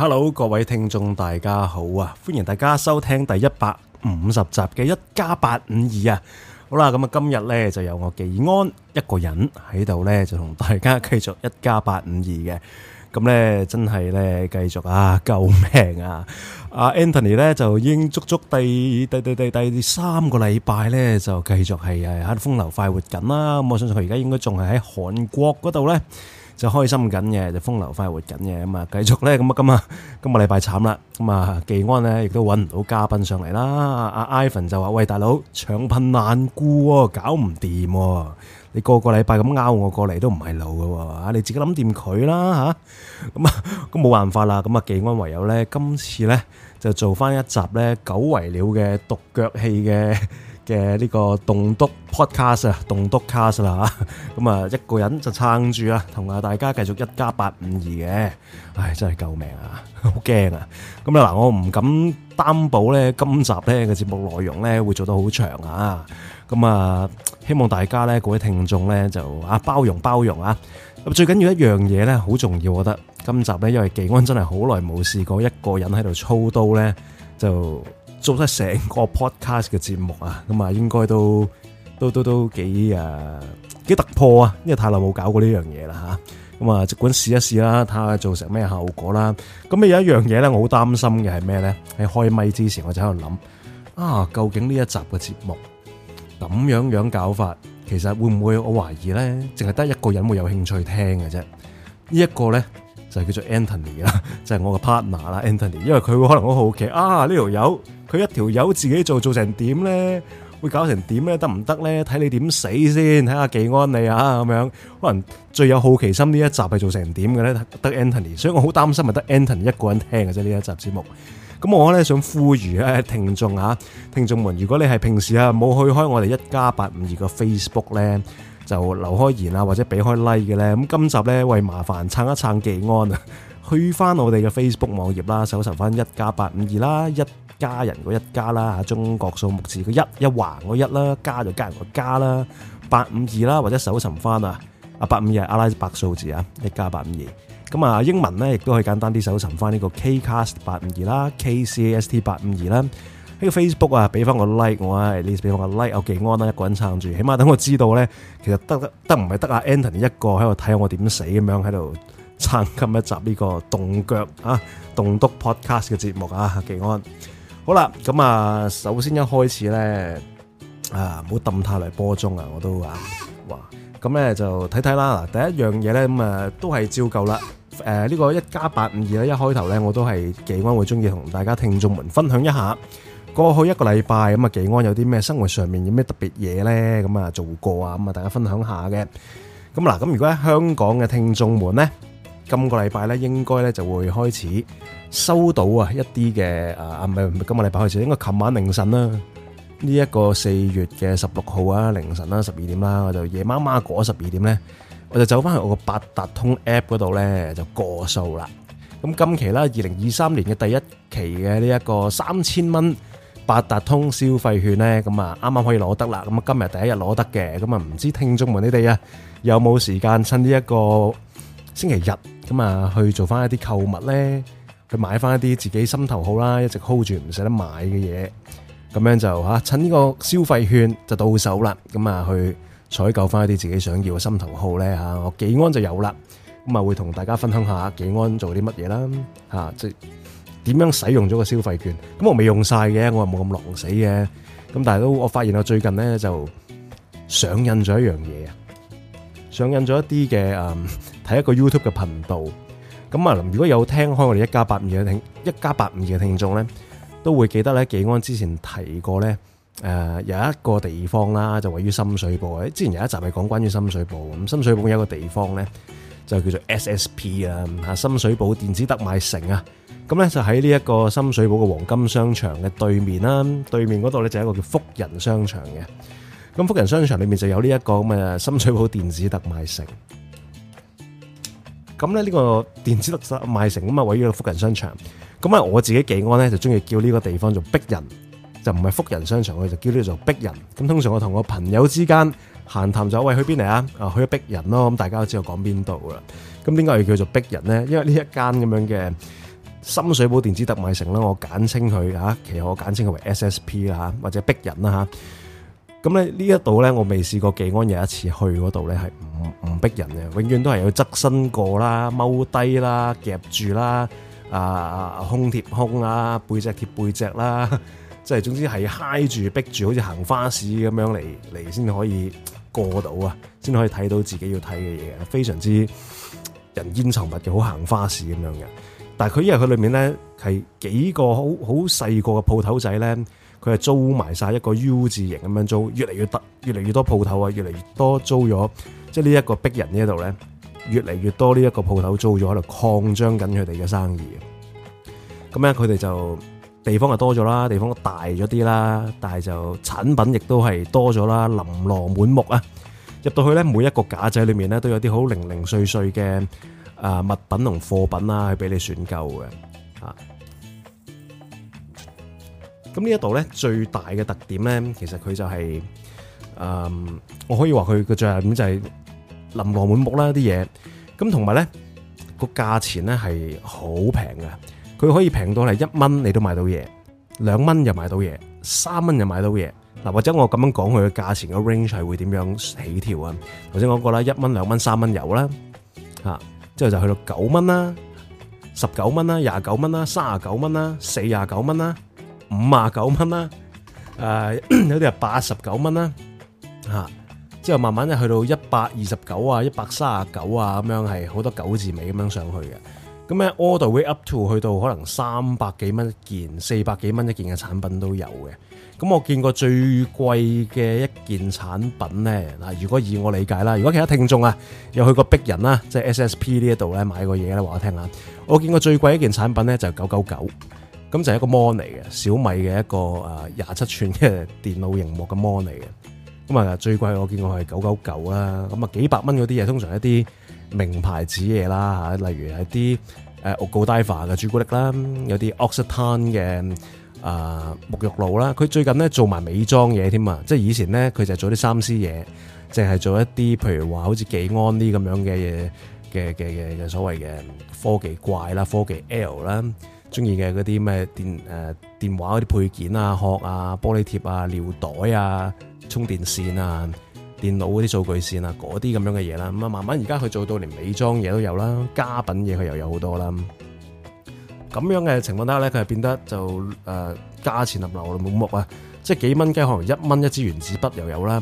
Hello 各位聽眾，大家好啊，歡迎大家收聽第150集嘅一加八五二啊。好喇，噉啊今日呢就由我技安一個人喺度呢，就同大家繼續一加八五二嘅。噉呢真係呢，繼續啊，救命啊，阿 Anthony 呢就已經足足第第第第第三個禮拜呢，就繼續係喺風流快活緊啦。噉我相信佢而家應該仲係喺韓國嗰度呢。就開心緊嘅，就風流快活緊嘅，咁啊繼續咧，咁啊今啊今個禮拜慘啦，咁啊技安咧亦都揾唔到嘉賓上嚟啦，阿 Ivan 就話：喂大佬，長貧難顧喎，搞唔掂喎，你個個禮拜咁勾我過嚟都唔係路嘅喎，啊你自己諗掂佢啦嚇，咁啊咁冇辦法啦，咁啊技安唯有咧今次咧就做翻一集咧久違了嘅獨腳戲嘅。嘅呢個棟篤 podcast 啊，棟篤 cast 啦嚇，咁啊一個人就撐住啦，同埋大家繼續一家八五二嘅，唉真係救命啊，好驚啊！咁啊嗱，我唔敢擔保咧，今集咧嘅節目內容咧會做得好長啊，咁啊希望大家咧各位聽眾咧就啊包容包容啊，咁最緊要一樣嘢咧好重要，我覺得今集咧因為技安真係好耐冇試過一個人喺度操刀咧就。做出成個 podcast 嘅節目啊，咁啊應該都都都都幾啊幾突破啊，因為太耐冇搞過呢樣嘢啦吓，咁啊盡管試一試啦，睇下做成咩效果啦。咁啊有一樣嘢咧，我好擔心嘅係咩咧？喺開麥之前我就喺度諗啊，究竟呢一集嘅節目咁樣樣搞法，其實會唔會我懷疑咧，淨係得一個人會有興趣聽嘅啫？呢一個咧。就係叫做 Anthony 啦，就係我個 partner 啦，Anthony。因為佢會可能好好奇啊，呢條友佢一條友自己做做成點咧，會搞成點咧，得唔得咧？睇你點死先，睇下幾安利啊咁樣。可能最有好奇心呢一集係做成點嘅咧，得 Anthony。所以我好擔心咪，得 Anthony 一個人聽嘅啫呢一集節目。咁我咧想呼籲咧聽眾啊，聽眾們，如果你係平時啊冇去開我哋一家八五二個 Facebook 咧。就留開言啊，或者俾開 like 嘅咧。咁今集咧，喂，麻煩撐一撐技安啊，去翻我哋嘅 Facebook 網頁啦，搜尋翻一加八五二啦，一家人個一加啦嚇，中國數目字個一，一橫個一啦，加就加人個加啦，八五二啦，或者搜尋翻啊，啊八五二係阿拉伯數字啊，一加八五二。咁啊，英文咧亦都可以簡單啲搜尋翻呢個 Kcast 八五二啦，Kcast 八五二啦。喺個 Facebook 啊，俾翻個 like 我啊，你俾翻個 like 我，技安啦，一個人撐住，起碼等我知道咧，其實得得得唔係得阿 Antony 一個喺度睇下我點死咁樣喺度撐咁一集呢個凍腳啊凍篤 Podcast 嘅節目啊，技安，好啦，咁啊，首先一開始咧啊，唔好抌太耐波鐘啊，我都話啊，哇，咁咧就睇睇啦，嗱，第一樣嘢咧咁啊，都係照舊啦，誒呢個一家八五二咧，一開頭咧我都係技安會鍾意同大家聽眾們分享一下。過去一個禮拜咁啊，技安有啲咩生活上面有咩特別嘢咧？咁啊，做過啊，咁啊，大家分享下嘅。咁嗱，咁如果喺香港嘅聽眾們咧，今個禮拜咧應該咧就會開始收到啊一啲嘅啊，唔係今個禮拜開始，應該琴晚凌晨啦，呢一個四月嘅十六號啊凌晨啦，十二點啦，我就夜媽媽過咗十二點咧，我就走翻去我個八達通 app 嗰度咧就過數啦。咁今期啦，二零二三年嘅第一期嘅呢一個三千蚊。八達通消費券呢，咁啊啱啱可以攞得啦！咁啊今日第一日攞得嘅，咁啊唔知聽眾們你哋啊有冇時間趁呢一個星期日咁啊去做翻一啲購物呢？去買翻一啲自己心頭好啦，一直 hold 住唔捨得買嘅嘢，咁樣就嚇趁呢個消費券就到手啦！咁啊去採購翻一啲自己想要嘅心頭好呢。嚇，我技安就有啦！咁啊會同大家分享下技安做啲乜嘢啦嚇，即點樣使用咗個消費券？咁我未用晒嘅，我冇咁狼死嘅。咁但係都，我發現我最近咧就上癮咗一樣嘢啊！上癮咗一啲嘅誒，睇一個 YouTube 嘅頻道。咁啊，如果有聽開我哋一家八五二嘅聽一家八五二嘅聽眾咧，都會記得咧。技安之前提過咧，誒有一個地方啦，就位於深水埗。之前有一集係講關於深水埗。咁深水埗有一個地方咧。就叫做 SSP 啊，深水埗電子特賣城啊，咁咧就喺呢一個深水埗嘅黃金商場嘅對面啦，對面嗰度咧就係一個叫福仁商場嘅，咁福仁商場裏面就有呢一個咁嘅深水埗電子特賣城。咁咧呢個電子特賣城咁啊位於福仁商場，咁啊我自己幾安咧就中意叫呢個地方做逼人，就唔係福仁商場，我哋就叫呢度做逼人。咁通常我同我朋友之間，閒談走喂去邊嚟啊？啊去咗逼人咯，咁大家都知道我講邊度啦。咁點解係叫做逼人咧？因為呢一間咁樣嘅深水埗電子特賣城啦，我簡稱佢嚇，其實我簡稱佢為 SSP 啦，或者逼人啦嚇。咁咧呢一度咧，我未試過技安有一次去嗰度咧係唔唔逼人嘅，永遠都係有側身過啦、踎低啦、夾住啦、啊啊胸貼胸啦、背脊貼背脊啦。即係總之係揩住逼住，好似行花市咁樣嚟嚟先可以過到啊，先可以睇到自己要睇嘅嘢，非常之人煙稠密嘅，好行花市咁樣嘅。但係佢因為佢裏面咧係幾個好好細個嘅鋪頭仔咧，佢係租埋晒一個 U 字形咁樣租，越嚟越得，越嚟越多鋪頭啊，越嚟越多租咗，即係呢一個逼人呢一度咧，越嚟越多呢一個鋪頭租咗喺度擴張緊佢哋嘅生意。咁咧佢哋就。地方又多咗啦，地方大咗啲啦，但係就產品亦都係多咗啦，琳琅滿目啊！入到去咧，每一個架仔裏面咧都有啲好零零碎碎嘅啊物品同貨品啦，去俾你選購嘅啊！咁呢一度咧最大嘅特點咧，其實佢就係、是、誒、嗯，我可以話佢個最後點就係琳琅滿目啦啲嘢，咁同埋咧個價錢咧係好平嘅。佢可以平到係一蚊，你都買到嘢；兩蚊又買到嘢，三蚊又買到嘢。嗱，或者我咁樣講佢嘅價錢個 range 係會點樣起跳剛才啊？頭先講過啦，一蚊、兩蚊、三蚊有啦，嚇，之後就去到九蚊啦、十九蚊啦、廿九蚊啦、三十九蚊啦、四十九蚊啦、五十九蚊啦，誒有啲係八十九蚊啦，嚇、啊，之後慢慢就去到一百二十九啊、一百三十九啊咁樣，係好多九字尾咁樣上去嘅。咁咧 order up to 去到可能三百幾蚊一件、四百幾蚊一件嘅產品都有嘅。咁我見過最貴嘅一件產品咧，嗱，如果以我理解啦，如果其他聽眾啊有去過逼人啦，即係 SSP 呢一度咧買過嘢咧，話我聽啦。我見過最貴一件產品咧就係九九九，咁就係一個 mon 嚟嘅，小米嘅一個誒廿七寸嘅電腦熒幕嘅 mon 嚟嘅。咁啊最貴我見過係九九九啦，咁啊幾百蚊嗰啲嘢通常一啲。名牌子嘢啦嚇，例如係啲誒 Godiva 嘅朱古力啦，有啲 Occitane 嘅啊、呃、沐浴露啦。佢最近咧做埋美妝嘢添啊，即係以前咧佢就做啲三 C 嘢，淨係做一啲譬如話好似幾安啲咁樣嘅嘢嘅嘅嘅嘅所謂嘅科技怪啦、科技 L 啦，中意嘅嗰啲咩電誒電話嗰啲配件啊、殼啊、玻璃貼啊、尿袋啊、充電線啊。電腦嗰啲數據線啊，嗰啲咁樣嘅嘢啦，咁啊慢慢而家佢做到連美妝嘢都有啦，家品嘢佢又有好多啦。咁樣嘅情況底下咧，佢係變得就誒、呃、價錢合流立冇目啊，即係幾蚊雞，可能一蚊一支原子筆又有啦。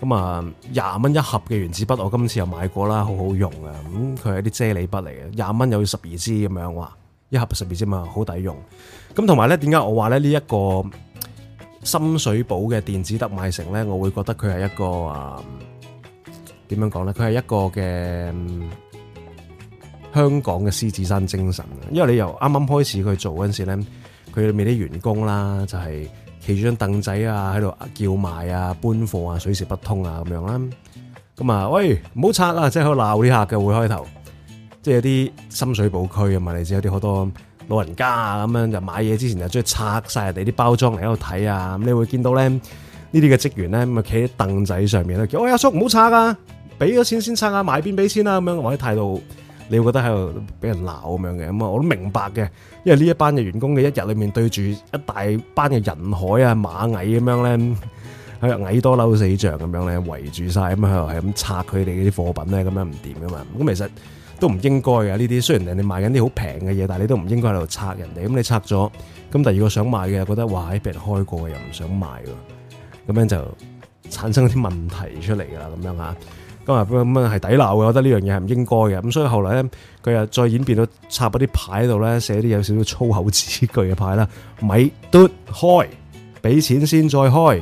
咁啊，廿蚊一盒嘅原子筆，我今次又買過啦，好好用啊。咁佢係啲啫喱筆嚟嘅，廿蚊有十二支咁樣，哇！一盒十二支嘛，好抵用。咁同埋咧，點解我話咧呢一個？深水埗嘅電子特賣城咧，我會覺得佢係一個啊，點樣講咧？佢係一個嘅香港嘅獅子山精神，因為你由啱啱開始佢做嗰陣時咧，佢裏面啲員工啦，就係企住張凳仔啊，喺度叫賣啊、搬貨啊、水泄不通啊咁樣啦。咁啊，喂，唔好拆啊，即係喺度鬧啲客嘅會開頭，即係有啲深水埗區啊嘛，你知有啲好多。老人家啊，咁樣就買嘢之前就中意拆晒人哋啲包裝嚟喺度睇啊！咁你會見到咧，呢啲嘅職員咧，咁啊企喺凳仔上面咧，叫，喂，阿叔唔好拆啊！俾咗錢先拆啊！買邊俾錢啊？咁樣嗰啲態度，你會覺得喺度俾人鬧咁樣嘅咁啊！我都明白嘅，因為呢一班嘅員工嘅一日裏面對住一大班嘅人海啊、螞蟻咁樣咧，喺度蟻多嬲死象咁樣咧圍住晒，咁喺度係咁拆佢哋啲貨品咧，咁樣唔掂噶嘛！咁其實。都唔應該嘅呢啲，雖然人哋賣緊啲好平嘅嘢，但係你都唔應該喺度拆人哋。咁你拆咗，咁第二個想買嘅覺得哇，俾人開過又唔想買喎，咁樣就產生啲問題出嚟㗎啦。咁樣嚇，今日咁樣係抵鬧嘅，我覺得呢樣嘢係唔應該嘅。咁所以後來咧，佢又再演變到插嗰啲牌喺度咧，寫啲有少少粗口字句嘅牌啦，咪 嘟開，俾錢先再開，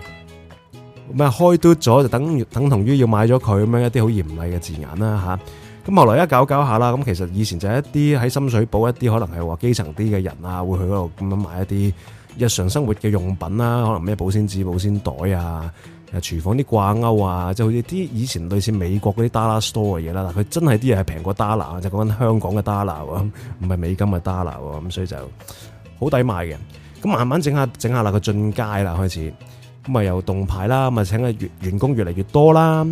咪開嘟咗就等等同於要買咗佢咁樣一啲好嚴厲嘅字眼啦嚇。啊。咁後來一搞一搞一下啦，咁其實以前就係一啲喺深水埗一啲可能係話基層啲嘅人啊，會去嗰度咁樣買一啲日常生活嘅用品啦、啊，可能咩保鮮紙、保鮮袋啊，廚房啲掛鈎啊，即係好似啲以前類似美國嗰啲 Dollar Store 嘅嘢啦，但佢真係啲嘢係平過 Dollar，就講緊香港嘅 Dollar 喎，唔係美金嘅 Dollar 喎，咁所以就好抵買嘅。咁慢慢整下整下啦，佢進街啦開始，咁啊由動牌啦，咁啊請嘅員工越嚟越多啦。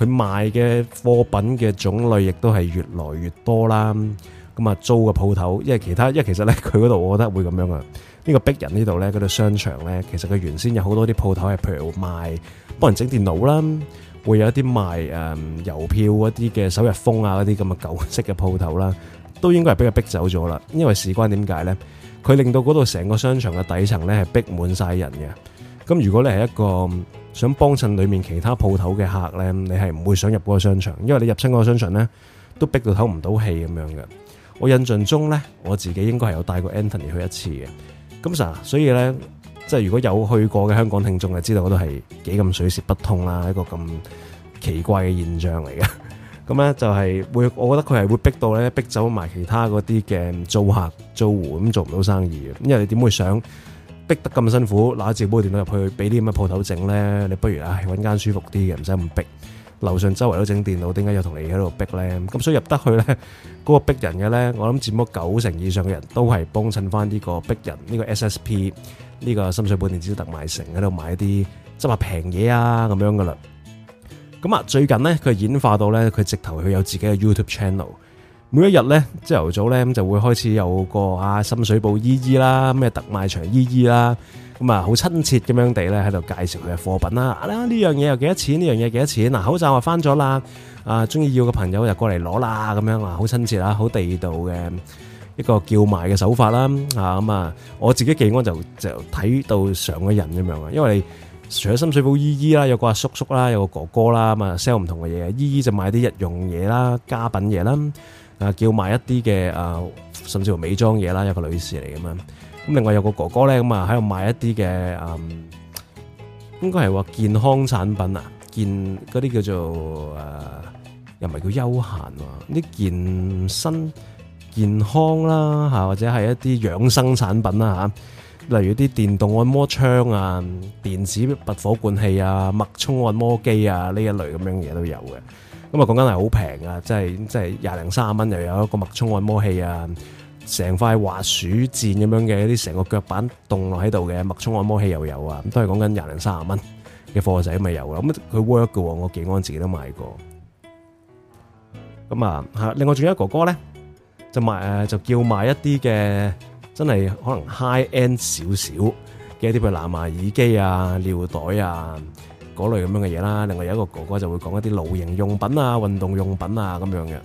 佢賣嘅貨品嘅種類亦都係越來越多啦，咁啊租嘅鋪頭，因為其他，因為其實咧佢嗰度，我覺得會咁樣啊。呢、呢個逼人呢度咧，嗰度商場咧，其實佢原先有好多啲鋪頭，係譬如賣幫人整電腦啦，會有一啲賣誒、嗯、郵票嗰啲嘅首日封啊嗰啲咁嘅舊式嘅鋪頭啦，都應該係俾佢逼走咗啦。因為事關點解咧，佢令到嗰度成個商場嘅底層咧係逼滿晒人嘅。咁如果你係一個想幫襯裡面其他鋪頭嘅客咧，你係唔會想入嗰個商場，因為你入親嗰個商場咧，都逼到唞唔到氣咁樣嘅。我印象中咧，我自己應該係有帶過 Anthony 去一次嘅。咁啊，所以咧，即係如果有去過嘅香港聽眾就知道嗰度係幾咁水泄不通啦，一個咁奇怪嘅現象嚟嘅。咁咧就係會，我覺得佢係會逼到咧，逼走埋其他嗰啲嘅租客租戶咁做唔到生意，因為你點會想，逼得咁辛苦，拿住部電腦入去俾啲咁嘅鋪頭整咧，你不如唉搵間舒服啲嘅，唔使咁逼。樓上周圍都整電腦，點解又同你喺度逼咧？咁所以入得去咧，嗰個逼人嘅咧，我諗佔咗九成以上嘅人都係幫襯翻呢個逼人，呢個 SSP，呢個深水埗電子特賣城喺度買啲執下平嘢啊咁樣噶啦。咁啊，最近咧佢演化到咧，佢直頭佢有自己嘅 YouTube channel。每一日咧，朝頭早咧咁就會開始有個啊深水埗姨姨啦，咩特賣場姨姨啦，咁啊好親切咁樣地咧喺度介紹佢嘅貨品啦。啊呢樣嘢又幾多錢？呢樣嘢幾多錢？嗱，口罩又返咗啦，啊鍾意要嘅朋友就過嚟攞啦，咁樣啊好親切啦，好地道嘅一個叫賣嘅手法啦。嚇咁啊，我自己記安就就睇到上嘅人咁樣啊，因為你除咗深水埗姨姨啦，有個阿叔叔啦，有個哥哥啦，咁啊 sell 唔同嘅嘢。姨姨就買啲日用嘢啦、家品嘢啦。啊！叫賣一啲嘅啊，甚至乎美妝嘢啦，一個女士嚟咁樣。咁另外有個哥哥咧，咁啊喺度賣一啲嘅，嗯，應該係話健康產品啊，健嗰啲叫做誒，又唔係叫休閒，呢健身健康啦，吓或者係一啲養生產品啦，吓，例如啲電動按摩槍啊、電子拔火罐器啊、脈衝按摩機啊呢一類咁樣嘢都有嘅。咁啊，講緊係好平啊，即係即係廿零三十蚊，又有一個脈衝按摩器啊，成塊滑鼠墊咁樣嘅，一啲成個腳板凍落喺度嘅脈衝按摩器又有啊，咁都係講緊廿零三十蚊嘅貨仔咪有啦。咁佢 work 嘅喎，我幾安自己都買過。咁啊，另外仲有一個哥哥咧，就買就叫買一啲嘅，真係可能 high end 少少嘅一啲譬如藍牙耳機啊、尿袋啊。類咁樣嘅嘢啦，另外有一個哥哥就會講一啲露營用品啊、運動用品啊咁樣嘅。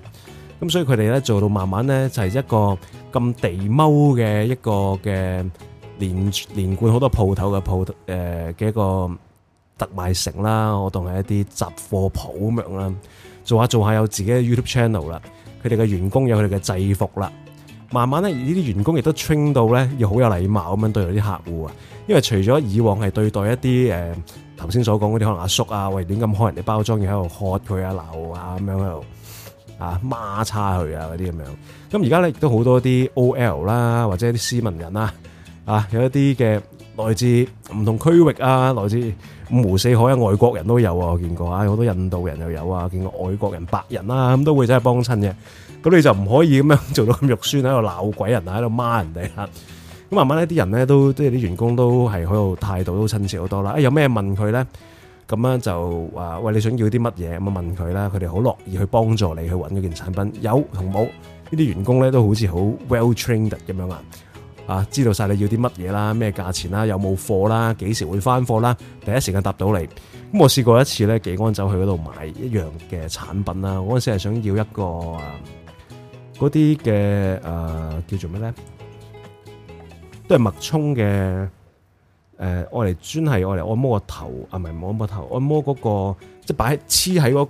咁所以佢哋咧做到慢慢咧就係、是、一個咁地踎嘅一個嘅連連貫好多鋪頭嘅鋪誒嘅一個特賣城啦、啊。我當係一啲雜貨鋪咁樣啦，做下做下有自己嘅 YouTube channel 啦。佢哋嘅員工有佢哋嘅制服啦。慢慢咧呢啲員工亦都 train 到咧要好有禮貌咁樣對待啲客戶啊。因為除咗以往係對待一啲誒。呃頭先所講嗰啲可能阿叔啊，為點咁開人哋包裝嘢喺度喝佢啊，鬧啊咁樣喺度啊抹叉佢啊嗰啲咁樣，咁而家咧亦都好多啲 OL 啦，或者啲斯文人啦、啊，啊有一啲嘅來自唔同區域啊，來自五湖四海嘅、啊、外國人都有啊，我見過啊，好多印度人又有啊，見過外國人白人啊，咁都會真係幫襯嘅，咁你就唔可以咁樣做到咁肉酸喺度鬧鬼人啊，喺度罵人哋啊。咁慢慢咧，啲人咧都即係啲員工都係喺度態度都很親切好多啦。啊、哎，有咩問佢咧？咁咧就話喂，你想要啲乜嘢咁啊？問佢啦。佢哋好樂意去幫助你去揾嗰件產品有同冇？呢啲員工咧都好似好 well trained 咁樣啊！啊，知道晒你要啲乜嘢啦、咩價錢啦、有冇貨啦、幾時會翻貨啦，第一時間答到你。咁我試過一次咧，技安走去嗰度買一樣嘅產品啦。我嗰陣時係想要一個嗰啲嘅誒叫做咩咧？都係脈衝嘅，誒、呃，我嚟專係我嚟按摩個頭，啊，唔係摸按摩頭，按摩嗰、那個，即係擺黐喺嗰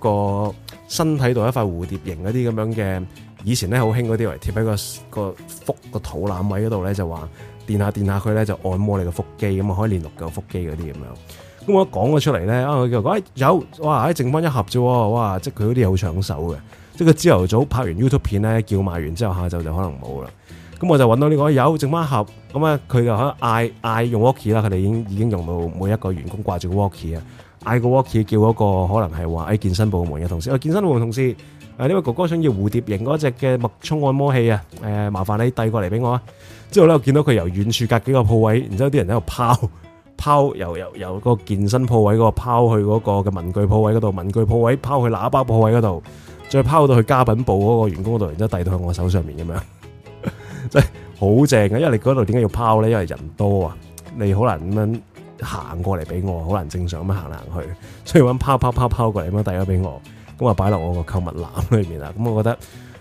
個身體度一塊蝴蝶形嗰啲咁樣嘅，以前咧好興嗰啲嚟貼喺個、那個那個腹、那個肚腩位嗰度咧，就話電下電下佢咧就按摩你個腹肌，咁啊可以練六嚿腹肌嗰啲咁樣。咁我一講咗出嚟咧，啊佢就講、哎，有，哇，剩翻一盒啫，哇，即係佢嗰啲好搶手嘅，即係佢朝頭早拍完 YouTube 片咧，叫賣完之後下晝就可能冇啦。咁我就揾到呢個友剩翻盒，咁啊佢就可以嗌嗌用 Walkie 啦，佢哋已經已經用到每一個員工掛住個 Walkie 啊，嗌個 Walkie 叫嗰個可能係話喺健身部門嘅同事，喂健身部門同事，誒呢位哥哥想要蝴蝶形嗰隻嘅脈衝按摩器啊，誒麻煩你遞過嚟俾我啊，之後咧我見到佢由遠處隔幾個鋪位，然之後啲人喺度拋拋，由由由個健身鋪位嗰個拋去嗰個嘅文具鋪位嗰度，文具鋪位拋去喇叭鋪位嗰度，再拋到去家品部嗰個員工嗰度，然之後遞到去我手上面咁樣。好正嘅，因為你嗰度點解要拋咧？因為人多啊，你好難咁樣行過嚟俾我，好難正常咁行行去，所以搵拋拋拋拋過嚟咁樣遞咗俾我，咁啊擺落我個購物籃裏面啦。咁我覺得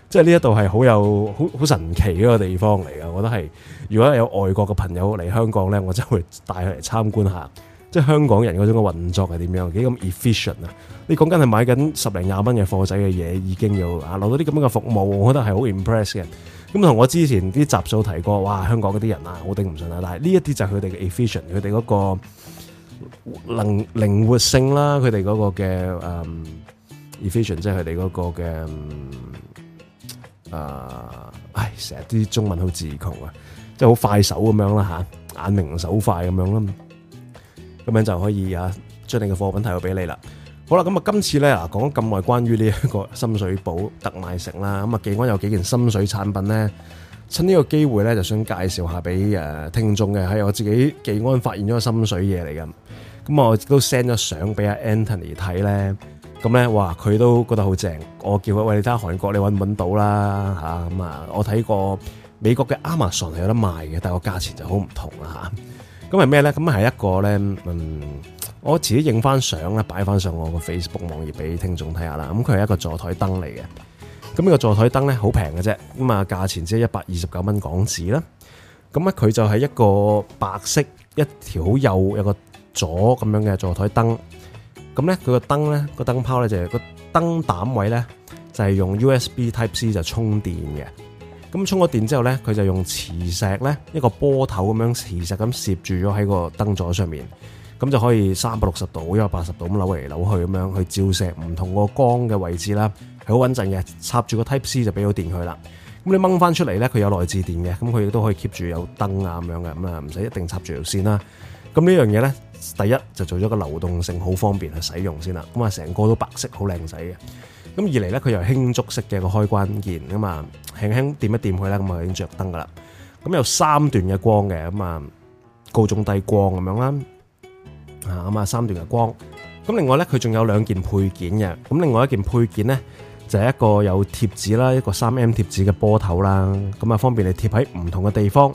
即係呢一度係好有好好神奇嗰個地方嚟噶。我覺得係如果有外國嘅朋友嚟香港咧，我真係會帶佢嚟參觀一下，即係香港人嗰種嘅運作係點樣，幾咁 efficient 啊！你講緊係買緊十零廿蚊嘅貨仔嘅嘢，已經要，啊攞到啲咁樣嘅服務，我覺得係好 impress 嘅。咁同我之前啲集數提過，哇！香港嗰啲人啊，好頂唔順啊！但係呢一啲就係佢哋嘅 efficient，佢哋嗰個能靈活性啦，佢哋嗰個嘅、嗯、efficient，即係佢哋嗰個嘅啊、嗯！唉，成日啲中文好字窮啊，即係好快手咁樣啦嚇，眼明手快咁樣啦，咁樣就可以啊，將你嘅貨品提到俾你啦。好啦，咁啊，今次咧啊，講咗咁耐關於呢一個深水埗特賣城啦，咁啊，技安有幾件深水產品咧，趁呢個機會咧，就想介紹下俾誒聽眾嘅，係我自己技安發現咗個深水嘢嚟㗎，咁我都 send 咗相俾阿 Anthony 睇咧，咁咧，哇，佢都覺得好正，我叫佢喂，你睇下韓國你揾唔揾到啦嚇，咁啊，我睇過美國嘅 Amazon 係有得賣嘅，但係個價錢就好唔同啦嚇，咁係咩咧？咁係一個咧，嗯。我自己影翻相咧，擺翻上我個 Facebook 網頁俾聽眾睇下啦。咁佢係一個座台燈嚟嘅。咁、這、呢個座台燈咧，好平嘅啫。咁啊，價錢只係一百二十九蚊港紙啦。咁啊，佢就係一個白色一條好幼有個座咁樣嘅座台燈。咁咧，佢個燈咧個燈泡咧就係個燈膽位咧就係用 USB Type-C 就充電嘅。咁充咗電之後咧，佢就用磁石咧一個波頭咁樣磁石咁攝住咗喺個燈座上面。咁就可以三百六十度，一百八十度咁扭嚟扭去咁樣去照射唔同個光嘅位置啦，係好穩陣嘅。插住個 Type C 就俾到電佢啦。咁你掹翻出嚟咧，佢有內置電嘅，咁佢亦都可以 keep 住有燈啊咁樣嘅，咁啊唔使一定插住條線啦。咁呢樣嘢咧，第一就做咗個流動性好方便去使用先啦。咁啊，成個都白色好靚仔嘅。咁二嚟咧，佢又輕觸式嘅個開關鍵咁啊，輕輕掂一掂佢啦，咁啊已經著燈噶啦。咁有三段嘅光嘅咁啊，高中低光咁樣啦。咁啊三段嘅光，咁另外咧，佢仲有兩件配件嘅，咁另外一件配件咧就係一個有貼紙啦，一個三 M 貼紙嘅波頭啦，咁啊方便你貼喺唔同嘅地方，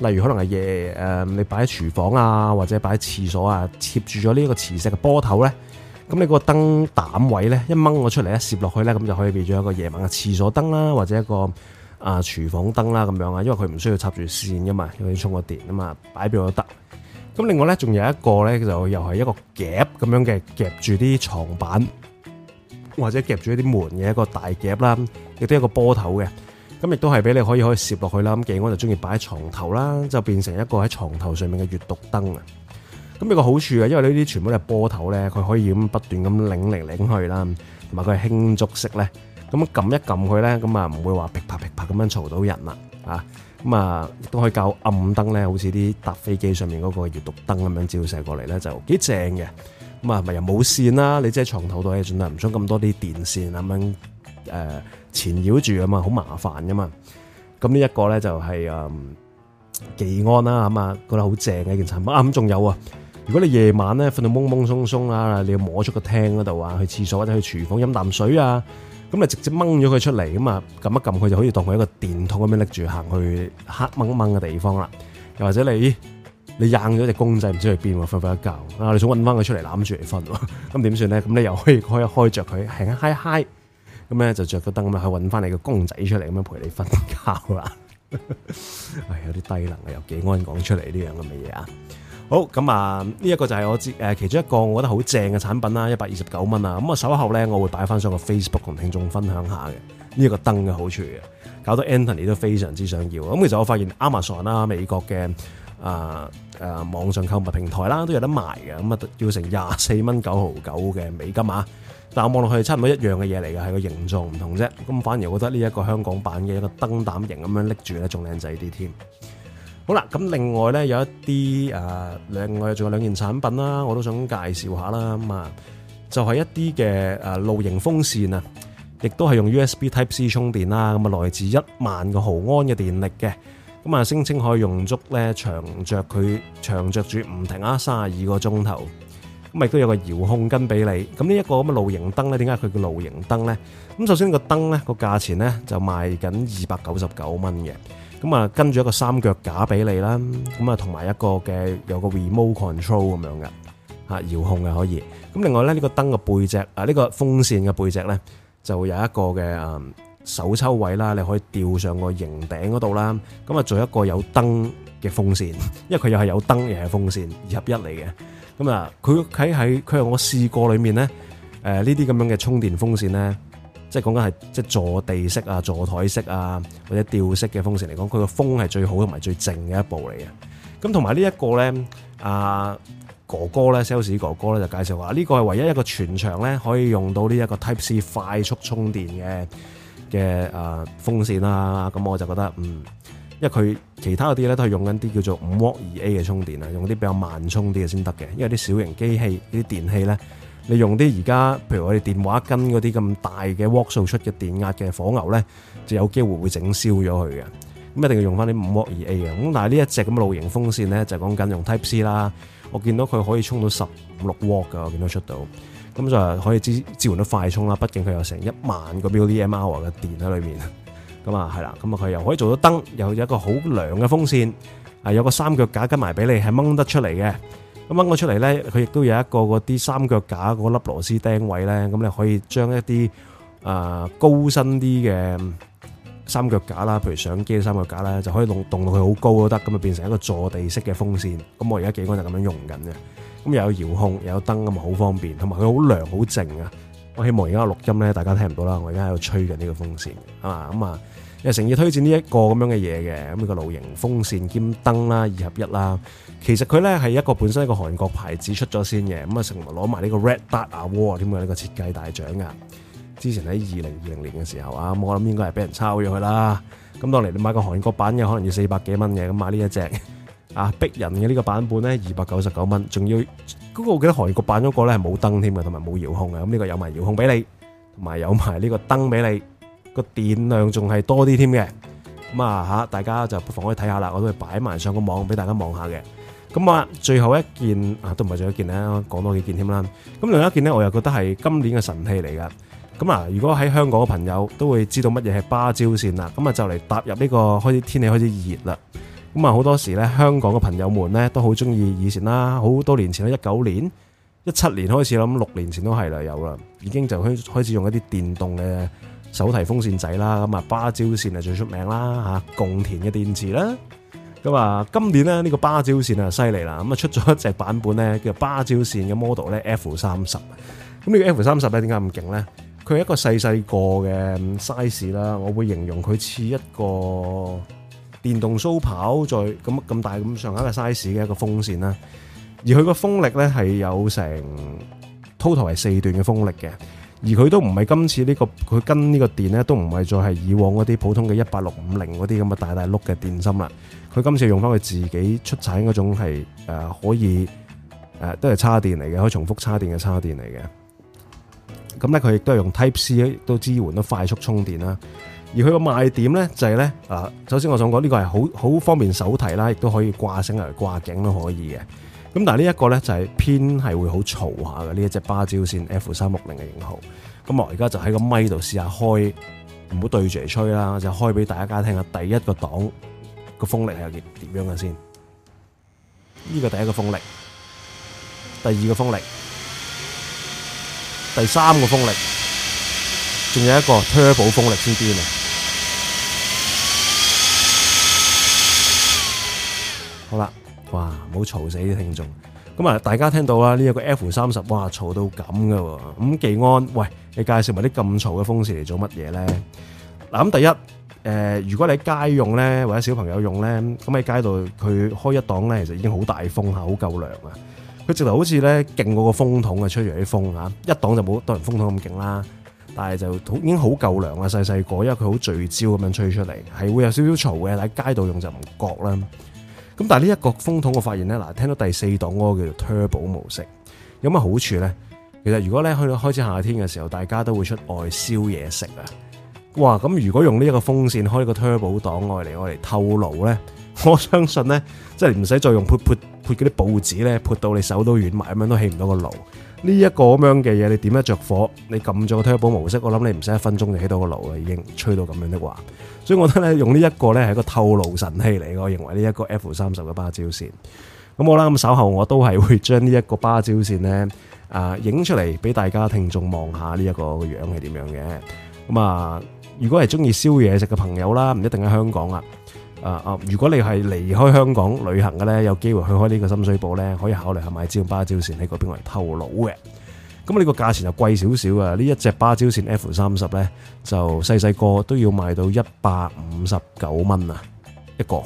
例如可能係夜誒你擺喺廚房啊，或者擺喺廁所啊，貼住咗呢個磁石嘅波頭咧，咁你個燈膽位咧一掹我出嚟一攝落去咧，咁就可以變咗一個夜晚嘅廁所燈啦，或者一個啊廚房燈啦咁樣啊，因為佢唔需要插住線噶嘛，要充個電啊嘛，擺邊度都得。咁另外咧，仲有一個咧，就又係一個夾咁樣嘅夾住啲牀板，或者夾住一啲門嘅一個大夾啦，亦都有一個波頭嘅。咁亦都係俾你可以可以攝落去啦。咁既然我就中意擺喺牀頭啦，就變成一個喺牀頭上面嘅閱讀燈啊。咁有一個好處啊，因為呢啲全部都係波頭咧，佢可以咁不斷咁擰嚟擰去啦，同埋佢係輕觸式咧。咁撳一撳佢咧，咁啊唔會話噼啪噼啪咁樣嘈到人啦。啊！咁啊，都可以較暗燈咧，好似啲搭飛機上面嗰個閲讀燈咁樣照射過嚟咧，就幾正嘅。咁啊，咪又冇線啦，你即係牀頭度可以盡量唔想咁多啲電線咁樣誒纏繞住啊嘛，好麻煩噶嘛。咁呢一個咧就係誒技安啦，咁啊覺得好正嘅一件產品。啊，咁仲有啊，如果你夜晚咧瞓到懵懵鬆鬆啦，你要摸出個廳嗰度啊，去廁所或者去廚房飲啖水啊。咁你直接掹咗佢出嚟咁啊，撳一撳佢就可以當佢一個電筒咁樣拎住行去黑掹掹嘅地方啦。又或者你你硬咗隻公仔唔知去邊喎，瞓瞓一覺啊，你想揾翻佢出嚟攬住嚟瞓喎，咁點算咧？咁 你又可以可以開着佢，輕嗨嗨咁咧就着咗燈咁去揾翻你個公仔出嚟咁樣陪你瞓覺啦。唉、 哎，有啲低能啊，又技安講出嚟呢樣咁嘅嘢啊！好咁啊，呢、這、一個就係我知誒、啊，其中一個我覺得好正嘅產品啦，一百二十九蚊啊！咁、嗯、啊，稍後咧，我會擺翻上個 Facebook 同聽眾分享下嘅呢一個燈嘅好處嘅，搞到 Anthony 都非常之想要。咁、啊、其實我發現 Amazon 啦、啊，美國嘅啊啊網上購物平台啦都有得賣嘅，咁啊要成廿四蚊九毫九嘅美金啊！但我望落去差唔多一樣嘅嘢嚟嘅，係個形狀唔同啫。咁、啊、反而我覺得呢一個香港版嘅一個燈膽型咁樣拎住咧，仲靚仔啲添。好啦，咁另外咧有一啲啊，另外仲有兩件產品啦，我都想介紹下啦。咁啊，就係一啲嘅啊露營風扇啊，亦都係用 USB Type C 充電啦。咁啊，來自一萬個毫安嘅電力嘅，咁啊聲稱可以用足咧長著佢長著住唔停啊三十二個鐘頭。咁啊亦都有個遙控跟俾你。咁呢一個咁嘅露營燈咧，點解佢叫露營燈咧？咁首先個燈咧個價錢咧就賣緊二百九十九蚊嘅。咁啊，跟住一個三腳架俾你啦，咁啊，同埋一個嘅有個 remote control 咁樣嘅，吓遙控嘅可以。咁另外咧，呢個燈嘅背脊啊，呢個風扇嘅背脊咧，就有一個嘅啊手抽位啦，你可以吊上個營頂嗰度啦。咁啊，做一個有燈嘅風扇，因為佢又係有燈，嘅係風扇，二合一嚟嘅。咁啊，佢喺喺，佢係我試過裏面咧，誒呢啲咁樣嘅充電風扇咧，即係講緊係即係坐地式啊、坐台式啊或者吊式嘅風扇嚟講，佢個風係最好同埋最靜嘅一步嚟嘅。咁同埋呢一個咧，阿哥哥咧，sales 哥哥咧就介紹話呢個係唯一一個全場咧可以用到呢一個 Type C 快速充電嘅嘅誒風扇啦。咁我就覺得嗯，因為佢其他嗰啲咧都係用緊啲叫做五 W 二 A 嘅充電啊，用啲比較慢充啲嘅先得嘅，因為啲小型機器啲電器咧。你用啲而家，譬如我哋電話跟嗰啲咁大嘅瓦數出嘅電壓嘅火牛咧，就有機會會整燒咗佢嘅。咁一定要用翻啲五瓦二 A 嘅。咁但係呢一隻咁嘅露營風扇咧，就講緊用 Type C 啦。我見到佢可以充到十五六瓦嘅，我見到出到。咁就可以支支援到快充啦。畢竟佢有成一萬個毫安時嘅電喺裏面。咁啊係啦。咁啊佢又可以做到燈，又有一個好涼嘅風扇。啊，有個三腳架跟埋俾你，係掹得出嚟嘅。掹咗出嚟咧，佢亦都有一個嗰啲三腳架嗰粒螺絲釘位咧，咁你可以將一啲啊高身啲嘅三腳架啦，譬如相機嘅三腳架啦，就可以弄到佢好高都得，咁啊變成一個坐地式嘅風扇。咁我而家幾個人就咁樣用緊嘅，咁又有遙控又有燈，咁啊好方便，同埋佢好涼好靜啊！我希望而家錄音咧，大家聽唔到啦，我而家喺度吹緊呢個風扇係嘛？咁啊！又誠意推薦呢一個咁樣嘅嘢嘅，咁呢個露營風扇兼燈啦，二合一啦，其實佢呢係一個本身一個韓國牌子出咗先嘅，咁就成日攞埋呢個 Red Dot Award 添嘅呢個設計大獎，㗎之前喺2020年嘅時候啊，我諗應該係俾人抄咗佢啦，咁當你買個韓國版嘅可能要400個電量仲係多啲添嘅，咁啊吓，大家就不妨可以睇下啦，我都係擺埋上個網俾大家望下嘅。咁啊，最後一件啊，都唔係最後一件啦，講多幾件添啦。咁另外一件呢，我又覺得係今年嘅神器嚟噶。咁啊，如果喺香港嘅朋友都會知道乜嘢係芭蕉扇啦。咁啊，就嚟踏入呢個開始天氣開始熱啦。咁啊，好多時呢，香港嘅朋友們呢都好中意以前啦，好多年前啦，一九年、一七年開始諗，六年前都係啦，有啦，已經就開開始用一啲電動嘅。手提風扇仔啦，咁啊，芭蕉扇係最出名啦嚇，共田嘅電池啦，咁啊，今年咧，呢個芭蕉扇啊，犀利啦，咁啊出咗一隻版本咧，叫芭蕉扇嘅 model 咧，F 三十，咁呢個 F 三十咧點解咁勁咧？佢係一個細細個嘅 size 啦，我會形容佢似一個電動蘇跑再咁咁大咁上下嘅 size 嘅一個風扇啦，而佢個風力咧係有成 total 係四段嘅風力嘅。而佢都唔係今次呢個，佢跟呢個電咧都唔係再係以往嗰啲普通嘅一八六五零嗰啲咁嘅大大碌嘅電芯啦，佢今次用翻佢自己出產嗰種係、呃、可以、呃、都係插電嚟嘅，可以重複插電嘅插電嚟嘅。咁咧佢亦都係用 Type C 都支援到快速充電啦。而佢個賣點咧就係咧首先我想講呢個係好好方便手提啦，亦都可以掛繩嚟掛頸都可以嘅。咁但係呢一個咧就係偏係會好嘈下嘅呢一隻芭蕉扇 F 三六零嘅型號，咁我而家就喺個咪度試下開，唔好對住嚟吹啦，就開俾大家聽下第一個檔個風力係點樣嘅先，呢個第一個風力，第二個風力，第三個風力，仲有一個 turbo 風力先啲啊，好啦。哇，唔好嘈死啲聽眾，咁啊大家聽到啦，呢一個 F 三十，哇嘈到咁噶喎，咁技安，喂，你介紹埋啲咁嘈嘅風扇嚟做乜嘢咧？嗱，咁第一，誒，如果你喺街用咧，或者小朋友用咧，咁喺街度佢開一檔咧，其實已經好大風，嚇好夠涼啊！佢直頭好似咧勁過個風筒啊，吹住啲風啊，一檔就冇多人風筒咁勁啦，但係就已經好夠涼啦，細細個，因為佢好聚焦咁樣吹出嚟，係會有少少嘈嘅，但喺街度用就唔覺啦。咁但係呢一個風筒，我發現咧，嗱，聽到第四檔嗰個叫做 Turbo 模式，有乜好處咧？其實如果咧去到開始夏天嘅時候，大家都會出外燒嘢食啊，哇！咁如果用呢一個風扇開個 Turbo 檔，外嚟我嚟透爐咧，我相信咧，即係唔使再用潑潑潑嗰啲報紙咧潑到你手都軟埋，咁樣都起唔到個爐。呢、這、一個咁樣嘅嘢，你點一着火，你撳咗個 Turbo 模式，我諗你唔使一分鐘就起到個爐啦，已經吹到咁樣的話，所以我覺得咧，用呢一個咧係一個透露神器嚟。我認為呢一個 F 三十嘅芭蕉扇咁好啦，咁稍後我都係會將呢一個芭蕉扇咧，啊影出嚟俾大家聽眾望下呢一個個樣係點樣嘅。咁啊，如果係中意燒嘢食嘅朋友啦，唔一定喺香港啊。啊啊，如果你係離開香港旅行嘅咧，有機會去開呢個深水埗咧，可以考慮下買支芭蕉扇喺嗰邊為頭腦嘅。咁呢個價錢就貴少少啊，呢一隻芭蕉扇 F 三十咧，就細細個都要賣到一百五十九蚊啊，一個。